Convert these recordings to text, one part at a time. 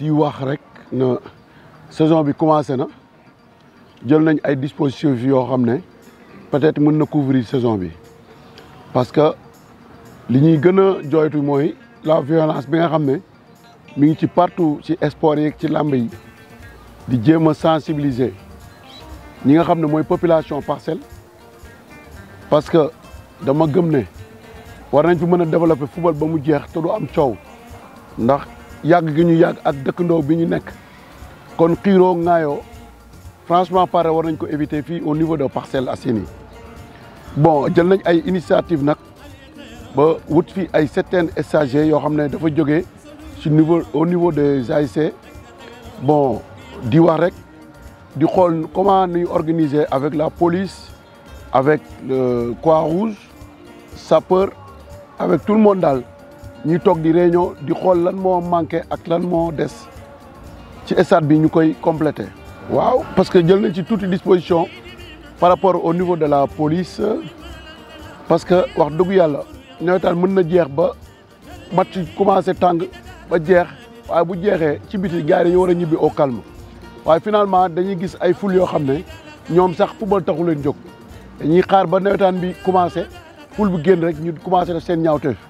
di wax rek na saison bi commencé na jël nañ ay dispositions yoo xam ne peut-être mën na couvrir saison bi parce que li ñuy gën a jooytu la violence bi nga Mais ne mi ngi ci partout ci sport yeeg ci làmb yi di jéem a sensibiliser ñi nga xam ne population parcelle parce que dama gëm ne war nañ fi mën a développer football ba mu jeex te du am coow ndax yag gi ñu ak dëkkandoo bi ñu nekk kon xiiroo ŋaayoo franchement paré war nañ ko éviter fi au niveau de Parcelles Assainies bon jël nañ ay initiative nak ba wut fi ay certaines stagiaires yo xamné dafa joggé ci niveau au niveau des AIC bon di wax rek di xol comment nuy organiser avec la police avec le Croix-Rouge sapeur avec tout le monde dal ñuy tok di réunion di xol lan mo manqué ak lan mo dess ci stade bi ñukoy compléter waaw parce que jël nañ ci toute disposition par rapport au niveau de la police parce que wax dëgg yalla nawetaan mën na jeex ba match commencé tang ba jeex waaye bu jeexee ci biti gars yi dañu war a ñibbi au calme waaye finalement dañuy gis ay ful yoo xam ne ñoom sax football taxu leen jóg dañuy xaar ba nawetaan bi commencé ful bu génn rek ñu commencé def seen ñaawteef.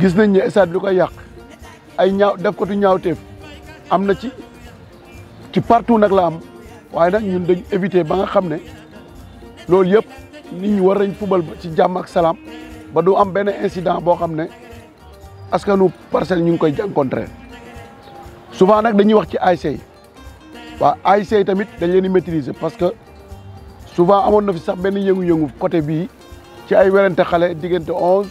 gis nañ ne stade bi lu koy yàq ay ñaaw def ko tu ñaawteef am na ci ci partout nag la am waaye nag ñun dañ éviter ba nga xam ne loolu yëpp nit ñi war nañ fubal ci jàmm ak salaam ba du am benn incident boo xam ne askanu parcelle ñu ngi koy jànkontrer souvent nag dañuy wax ci ASC yi waa tamit dañ leen di maîtriser parce que souvent amoon na fi sax benn yëngu-yëngu côté bii ci ay werante xale diggante onze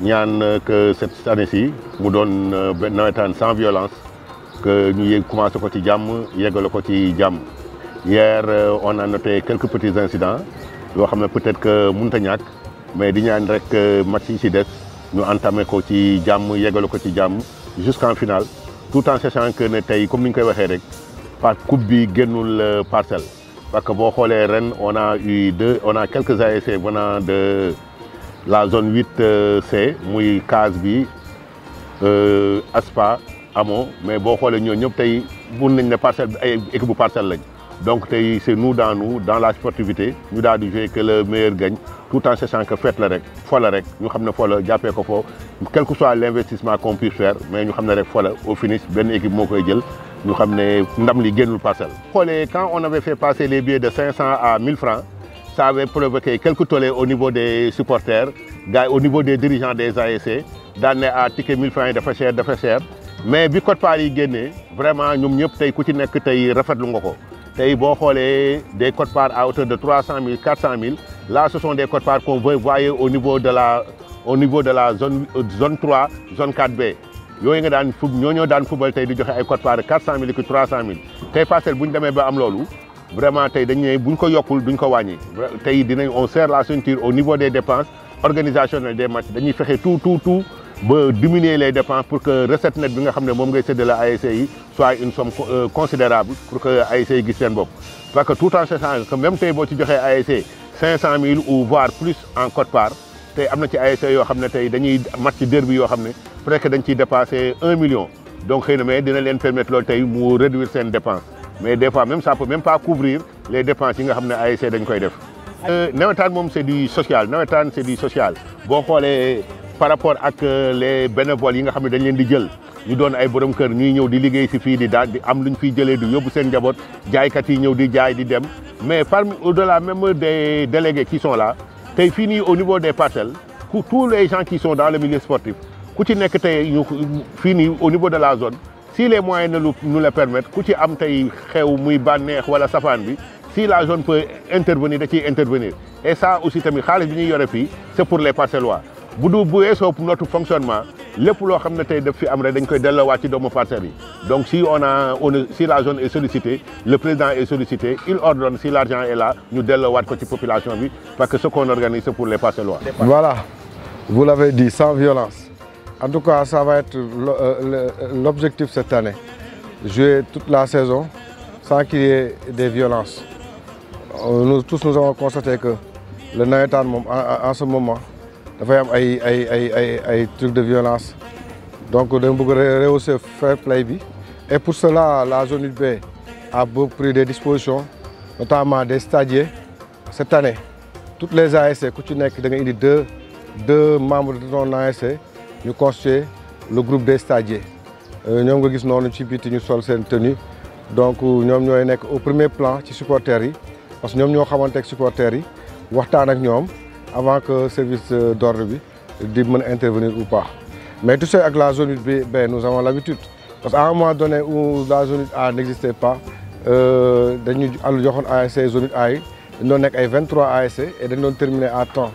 ñaan euh, que cette année-ci mu donne euh, nawetaan sans violence que ñu yéeg commencé ko ci jàmm le ko ci hier euh, on a noté quelques petits incidents yoo xam peut-être que mënut a mais di ñaan rek match yi ci nous ñu entamé ko ci jàmm yeggale ko ci jàmm jusqu'en finale tout en sachant que ne tey comme nous ñu koy waxee rek par coupe bi génnul parcelle parce que boo ren on a eu deux on a quelques ASC venant de la zone 8 c'est nous case bi euh, Aspa Amon, mais nous xolé ñoo ñep tey parcelle ay équipe donc c'est nous dans nous dans la sportivité nous daal dire que le meilleur gagne tout en sachant que fait la rek fo la rek ñu xamné fo quel que soit l'investissement qu'on puisse faire mais ñu xamné rek fo au finish ben équipe moo koy jël nous avons, nous avons quand on avait fait passer les billets de 500 à 1000 francs, ça avait provoqué quelques tollés au niveau des supporters au niveau des dirigeants des ASC dans à ah, ticket 1000 francs de dafa de mais bi code part yi gagné, vraiment nous avons tous ku ci nekk tey rafetlu nga ko tey des codes parts à hauteur de 300 000 400 000 là ce sont des codes parts qu'on veut voir au niveau de la au niveau de la zone zone 3 zone 4B Nous, nga daan fu football, ñoo daan football, 400 000 et 300 000 C'est facile, bu ñu ba vraiment tay dañu ne ko yokul duñ ko wañi tay dinañ on serre la ceinture au niveau des dépenses organisationnelles des matchs dañuy fexé tout tout tout ba diminuer les dépenses pour que recette net bi nga xamné mom moom ngay séddale ASC yi soit une somme euh, considérable pour que ASC yi gis seen parce que tout en sachant que même tay bo ci joxé ASC 500000 ou voire plus en quote-part tey am ci ASC yo xamné tay dañuy match derby yo xamné ne presque dañ ciy dépasser un million donc xeyna na mais dina leen permettre loolu tay mu réduire sen dépenses mais des fois même ça peut même pas couvrir les dépenses yi nga xamné AIC ASC dañ koy def. Euh, nawetaan moom c'est du social nawetaan c'est du social bo xolé par rapport ak euh, les bénévoles yi nga xamné ne dañ leen di jël ñu doon ay borom kër ñuy ñëw di liggéey ci fii di daal di am luñ ñu fiy jëlee di yóbbu seen njaboot jaaykat yi ñëw di jaay di dem mais parmi au-delà même des délégués qui sont là tey fii nii au niveau des parcelles pour tous les gens qui sont dans le milieu sportif ku ci nekk tey ñu fii nii au niveau de la zone si les moyens nous, le permettent ku ci si la zone peut intervenir da intervenir et ça aussi c'est pour les parcellois Vous du bu pour notre fonctionnement les loo ne tey fi am rek dañ donc si on a on si la zone est sollicitée le président est sollicité il ordonne si l'argent est là nous delloowaat ko ci population parce que ce qu'on organise c'est pour les parcellois. voilà vous l'avez dit sans violence. En tout cas, ça va être euh, l'objectif cette année. Jouer toute la saison sans qu'il y ait des violences. Euh, nous tous nous avons constaté que le Naïtan, en ce moment, il y a des trucs de violence. Donc, nous devons rehausser fair play. Et pour cela, la zone UP a beaucoup pris des dispositions, notamment des stadiers. Cette année, toutes les ASC, il à a deux, deux membres de ton ASC, nous construisons le groupe des stagiaires Nous avons gis noonu ci biti ñu sol seen tenue donc nous sommes au premier plan ci supporters yi parce que nous avons avant que le service euh, d'ordre bi di intervenir ou pas mais tout ça avec la zone 8 B ben, nous avons l'habitude parce qu'à un moment donné où la zone A n'existait pas Nous avons eu ASC zone A zone dañ Nous ay 23 ASC et nous avons terminé à temps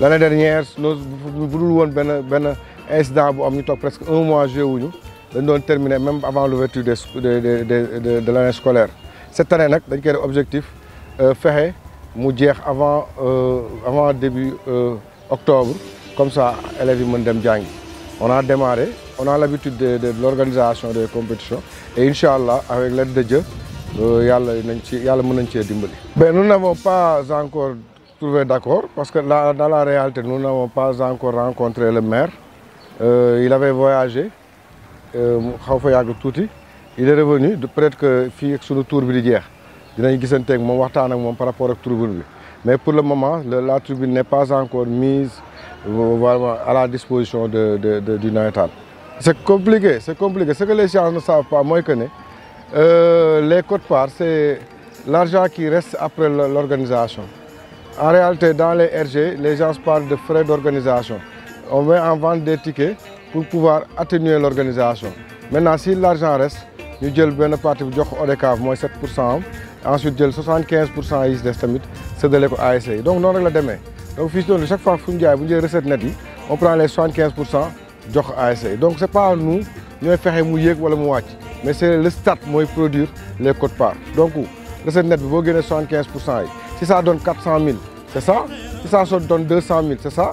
l'année dernière nous avons woon incident bu am ñu presque un mois à wuñu dañ doon terminer même avant l'ouverture de l'année scolaire cette année nous dañ koy def objectif euh, fexé mu jeex avant euh, avant début euh, octobre comme ça élèves yi mën dem on a démarré on a l'habitude de de l'organisation des compétitions et Inch'Allah, avec l'aide de Dieu yalla nañ ci yalla mën nañ dimbali. nous n'avons pas encore trouvé d'accord parce que dans la réalité nous n'avons pas encore rencontré le maire. Euh, il avait voyagé euh, il est revenu de près que sur sur le tour bi di par rapport mais pour le moment la tribune n'est pas encore mise euh, à la disposition du c'est compliqué c'est compliqué ce que les gens ne savent pas moi je connais. les quotes-parts c'est l'argent qui reste après l'organisation en réalité dans les RG les gens parlent de frais d'organisation on met en vente des tickets pour pouvoir atténuer l'organisation. Maintenant, si l'argent reste, nous avons une partie de de moins 7%. Ensuite, 75% de d'estamit, c'est de l'éco Donc, nous avons demain. Donc, chaque fois que nous avons une recette nette, on prend les 75% de asa Donc, ce n'est pas nous, nous faire pour ou mais c'est le stade qui produit les codes parts. Donc, recette nette, vous gagnez 75%. Si ça donne 400 000, c'est ça. Si ça donne 200 000, c'est ça.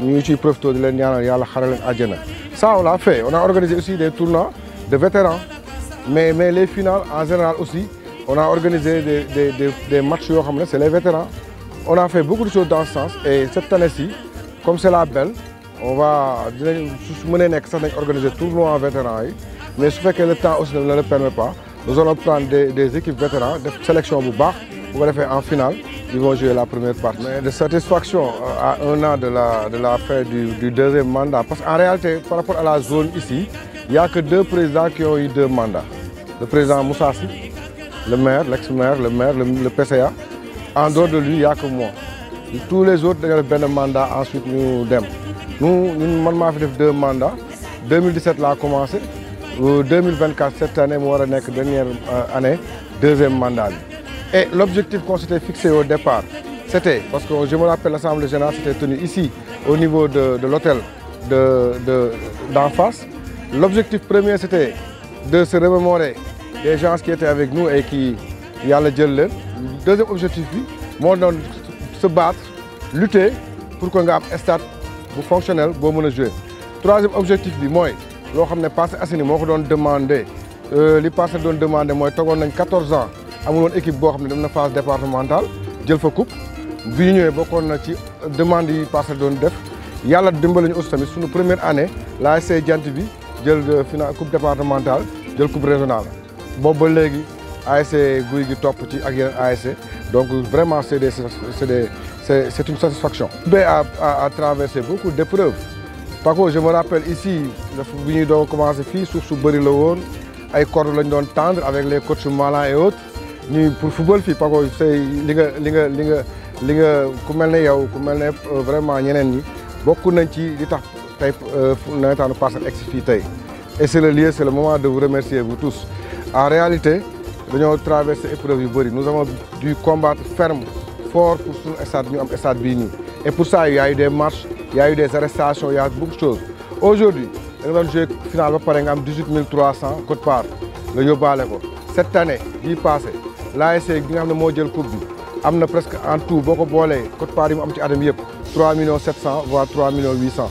Nous avons ça on fait on a organisé aussi des tournois de vétérans mais mais les finales en général aussi on a organisé des matchs c'est les vétérans on a fait beaucoup de choses dans ce sens et cette année-ci comme c'est la belle on va organiser su tournois vétérans vétéran. mais fait que le temps aussi ne le permet pas nous allons prendre des équipes vétérans des sélections bu baax pour les faire en finale ils vont jouer la première partie. Mais de satisfaction euh, à un an de la, de fin du, deuxième mandat, parce qu'en réalité, par rapport à la zone ici, il n'y a que deux présidents qui ont eu deux mandats. Le président Moussassi, le maire, l'ex-maire, le maire, le, PCA. En dehors de lui, il n'y a que moi. tous les autres, d'ailleurs, ben mandat, ensuite nous dem. Nous, nous, avons fait deux mandats. 2017 là a commencé. 2024, euh, cette année, moi, la dernière euh, année, deuxième mandat. Et l'objectif qu'on s'était fixé au départ, c'était, parce que je me rappelle, l'Assemblée générale s'était tenue ici, au niveau de, l'hôtel d'en face. L'objectif premier, c'était de se remémorer les gens qui étaient avec nous et qui y allaient le Deuxième objectif, c'est se battre, lutter pour qu'on ait un stade fonctionnel pour jouer. Troisième objectif, c'est ce demander les les a demandé. moi a 14 ans amul une équipe boo xam ne phase départementale jël fa coupe bi ñu ñëwee na ci demande yi le doon def yàlla dimbali ñu aussi tamit suñu première année la ASC Jant bi jël euh, final coupe départementale jël coupe régionale boobu ba léegi ASC guy gi topp ci ak yeneen ASC donc vraiment c'est des c'est des c'est c'est une satisfaction. Bé a a traversé beaucoup d'épreuves contre, je me rappelle ici bi ñuy doon commencé fii suuf su bëri la woon ay cordes lañ doon tendre avec les coachs Malan et autres. Pour pour football fi Paco que linga linga linga vraiment ñeneen ni bokk nañ ci li tax euh, et c'est le lieu c'est le moment de vous remercier vous tous en réalité nous avons traversé épreuve yu nous avons dû combattre ferme fort pour suñu stade ñu am stade et pour ça il y a eu des marches il y a eu des arrestations il y a beaucoup de choses aujourd'hui nous nga doon joué final ba 18 300 côte part nga yóbbaale ko cette année est passé l'ASC c'est nga xam de moo jël coupe presque en tout beaucoup de boolee quote-part yi a am 3 millions 700 voire 3 millions 800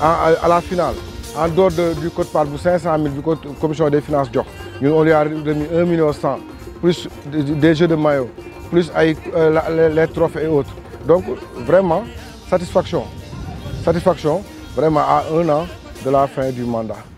à la finale en dehors de du côté part 500 000 du ko commission des finances on lui a remis 1 million plus des jeux de maillot plus euh, les trophées et autres donc vraiment satisfaction satisfaction vraiment à un an de la fin du mandat